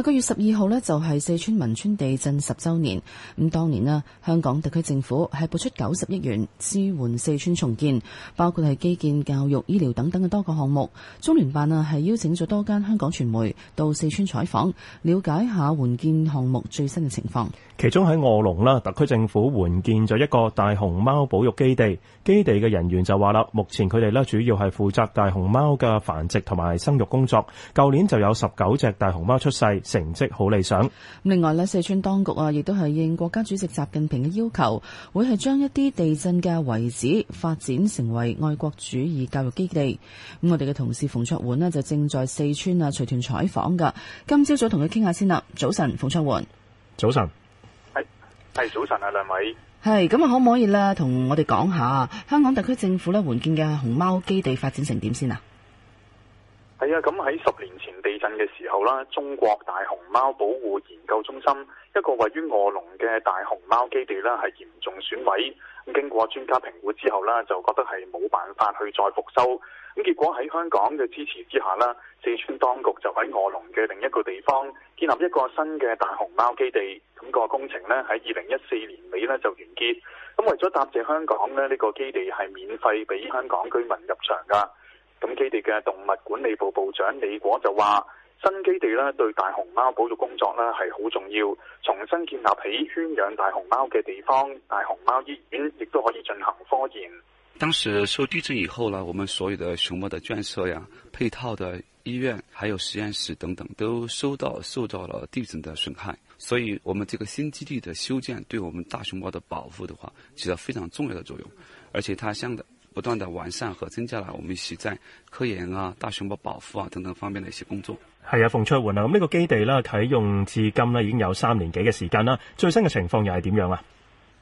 下個月十二號呢，就係四川汶川地震十週年。咁當年呢，香港特區政府係撥出九十億元支援四川重建，包括係基建、教育、醫療等等嘅多個項目。中聯辦啊，係邀請咗多間香港傳媒到四川採訪，了解下援建項目最新嘅情況。其中喺卧龍啦，特區政府援建咗一個大熊貓保育基地。基地嘅人員就話啦，目前佢哋呢主要係負責大熊貓嘅繁殖同埋生育工作。舊年就有十九隻大熊貓出世。成績好理想。另外咧，四川當局啊，亦都係應國家主席習近平嘅要求，會係將一啲地震嘅遺址發展成為愛國主義教育基地。咁我哋嘅同事馮卓垣咧就正在四川啊隨團採訪噶。今朝早同佢傾下先啦。早晨，馮卓垣，早晨。係係早晨啊，兩位。係咁啊，可唔可以咧同我哋講下香港特區政府咧援建嘅熊貓基地發展成點先啊？係啊，咁喺十年前地震嘅時候啦，中國大熊貓保護研究中心一個位於卧龍嘅大熊貓基地呢係嚴重損毀。咁經過專家評估之後呢，就覺得係冇辦法去再復修。咁結果喺香港嘅支持之下啦，四川當局就喺卧龍嘅另一個地方建立一個新嘅大熊貓基地。咁個工程呢，喺二零一四年尾呢就完結。咁為咗答謝香港呢，呢個基地係免費俾香港居民入場噶。咁基地嘅動物管理部部長李果就話：新基地呢對大熊貓保育工作呢係好重要，重新建立起圈養大熊貓嘅地方，大熊貓醫院亦都可以進行科研。當時受地震以後呢，我們所有的熊貓的圈舍呀，配套的醫院、還有實驗室等等，都收到受到了地震的損害，所以我們這個新基地的修建，對我們大熊貓的保護的話，起到非常重要的作用，而且它相的。不斷地完善和增加了，我們係在科研啊、大熊貓保護啊等等方面的一些工作。係啊，馮卓垣啊，咁、這、呢個基地咧啟用至今咧已經有三年幾嘅時間啦。最新嘅情況又係點樣啊？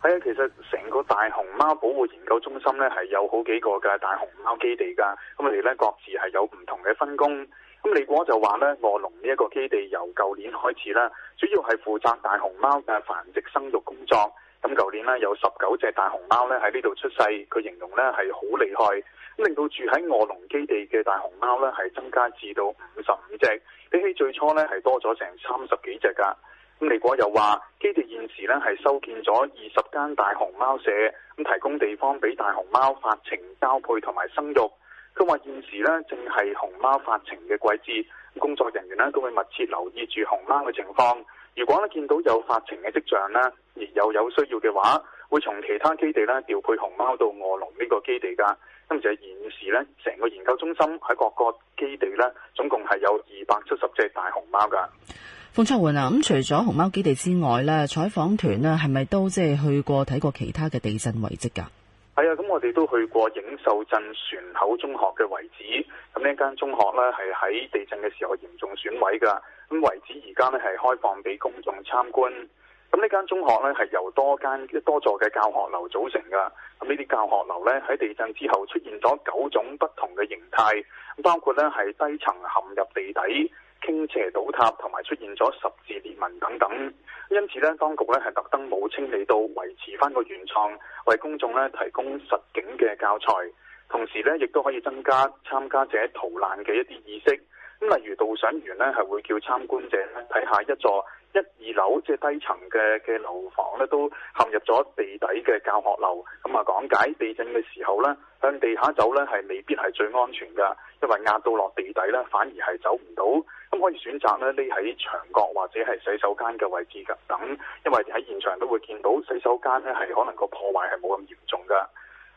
係啊，其實成個大熊貓保護研究中心呢，係有好幾個嘅大熊貓基地噶，咁我哋咧各自係有唔同嘅分工。咁李果就話呢，臥龍呢一個基地由舊年開始啦，主要係負責大熊貓嘅繁殖生育工作。咁舊年呢，有十九隻大熊貓咧喺呢度出世，佢形容咧係好厲害，咁令到住喺卧龍基地嘅大熊貓咧係增加至到五十五隻，比起最初咧係多咗成三十幾隻噶。咁李國又話，基地現時咧係修建咗二十間大熊貓舍，咁提供地方俾大熊貓發情交配同埋生育。都話，現時呢，正係熊貓發情嘅季節，工作人員呢，都會密切留意住熊貓嘅情況。如果呢，見到有發情嘅跡象呢，而又有，有需要嘅話，會從其他基地呢調配熊貓到臥龍呢個基地噶。咁就係現時呢，成個研究中心喺各個基地呢，總共係有二百七十隻大熊貓噶。馮卓垣啊，咁、嗯、除咗熊貓基地之外呢，採訪團呢，係咪都即係去過睇過其他嘅地震遺跡噶？我哋都去過映秀鎮船口中學嘅遺址，咁呢間中學咧係喺地震嘅時候嚴重損毀嘅，咁遺址而家咧係開放俾公眾參觀。咁呢間中學咧係由多間多座嘅教學樓組成嘅，咁呢啲教學樓咧喺地震之後出現咗九種不同嘅形態，包括咧係低層陷入地底，傾斜倒塌，同埋出現咗十字裂紋等等，因此呢當局咧係特登冇清理到，維持翻個原狀，為公眾咧提供實景嘅教材，同時呢，亦都可以增加參加者逃難嘅一啲意識。咁例如導賞員呢係會叫參觀者睇下一座一二樓即係、就是、低層嘅嘅樓房咧都陷入咗地底嘅教學樓，咁啊，講解地震嘅時候呢，向地下走呢係未必係最安全噶，因為壓到落地底呢，反而係走唔到。咁可以選擇呢，匿喺牆角或者係洗手間嘅位置㗎。等，因為喺現場都會見到洗手間呢，係可能個破壞係冇咁嚴重㗎。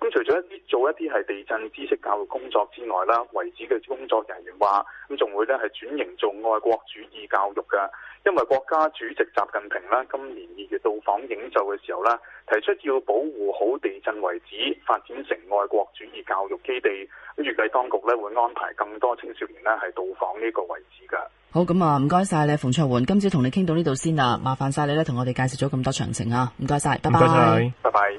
咁除咗一啲做一啲係地震知識教育工作之外啦，遺址嘅工作人員話，咁仲會咧係轉型做愛國主義教育嘅，因為國家主席習近平啦，今年二月到訪映秀嘅時候啦，提出要保護好地震遺址，發展成愛國主義教育基地。咁預計當局咧會安排更多青少年呢係到訪呢個位置嘅。好，咁啊唔該晒。謝謝你馮卓垣，今朝同你傾到呢度先啦，麻煩晒你咧同我哋介紹咗咁多詳情啊，唔該晒，拜拜，唔該晒，拜拜。